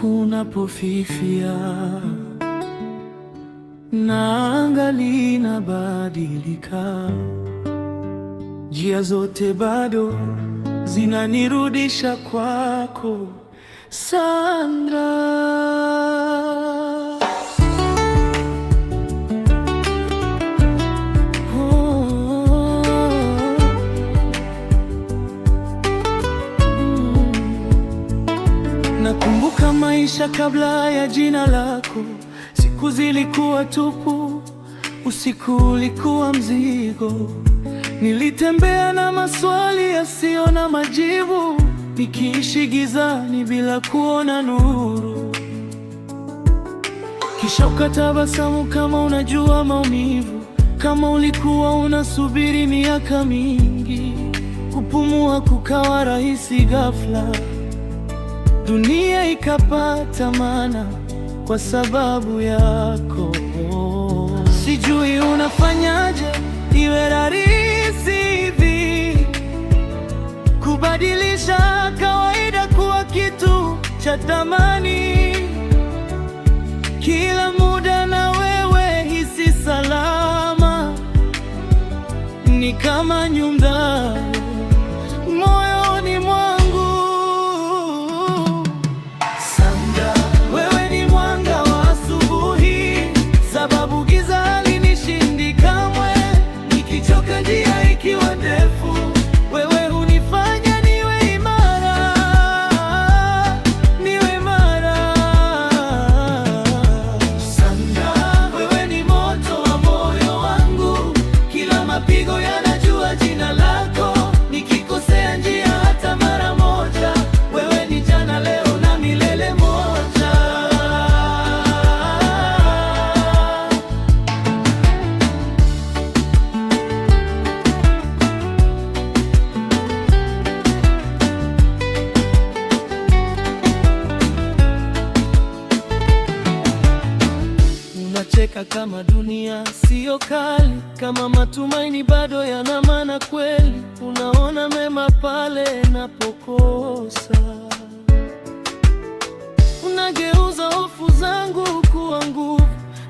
kunapofifia na anga linabadilika, njia zote bado zinanirudisha kwako Sandra. Nakumbuka maisha kabla ya jina lako, siku zilikuwa tupu, usiku ulikuwa mzigo. Nilitembea na maswali yasiyo na majibu, nikiishi gizani bila kuona nuru. Kisha ukatabasamu kama unajua maumivu, kama ulikuwa unasubiri miaka mingi. Kupumua kukawa rahisi ghafla dunia ikapata maana kwa sababu yako. Sijui unafanyaje iwe rahisi hivi kubadilisha kawaida kuwa kitu cha thamani. Kila muda na wewe hisi salama, ni kama nyumbani. Nimecheka kama dunia siyo kali, kama matumaini bado yana maana kweli. Unaona mema pale napokosa, unageuza hofu zangu kuwa nguvu.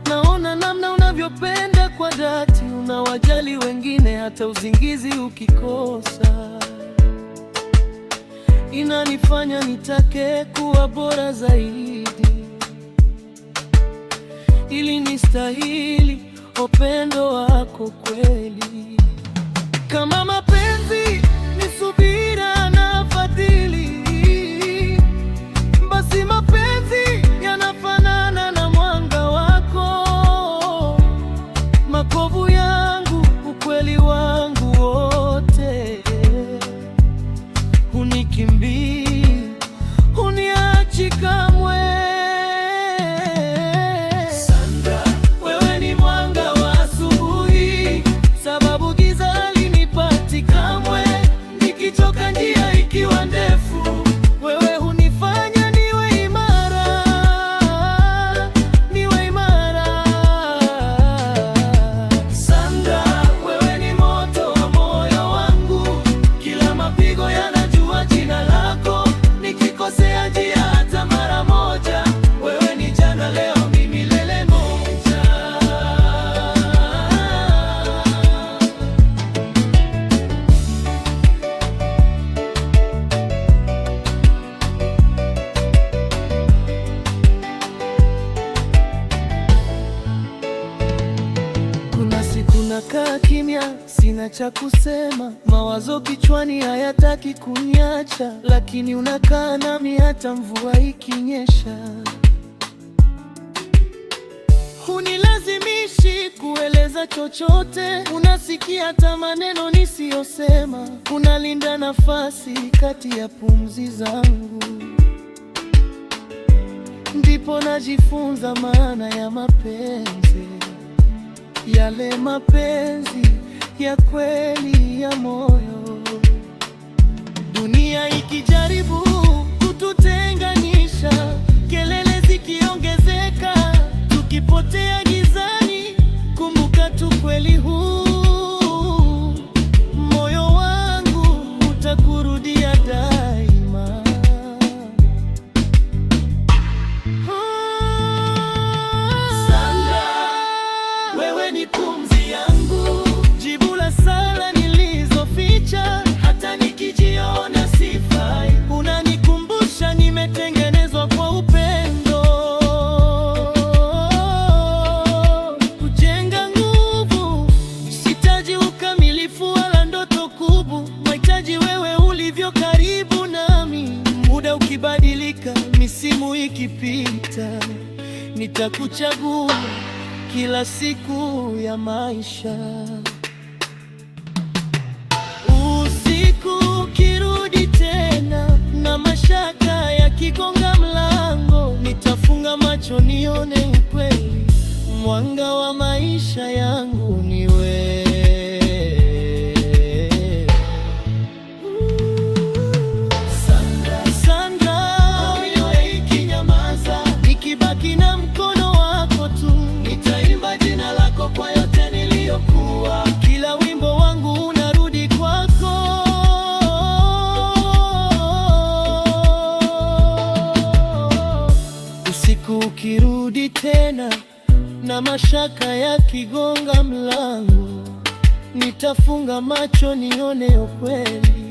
Naona namna unavyopenda kwa dhati, unawajali wengine hata uzingizi ukikosa. Inanifanya nitake kuwa bora zaidi ili nistahili upendo wako kweli, kama mapenzi ni subira cha kusema, mawazo kichwani hayataki kuniacha, lakini unakaa nami hata mvua ikinyesha. Hunilazimishi kueleza chochote, unasikia hata maneno nisiyosema, unalinda nafasi kati ya pumzi zangu, ndipo najifunza maana ya mapenzi, yale mapenzi ya kweli ya moyo. Dunia ikijaribu kututenganisha, kelele zikiongezeka ikipita, nitakuchagua kila siku ya maisha. na mashaka yakigonga mlango, nitafunga macho nione ukweli.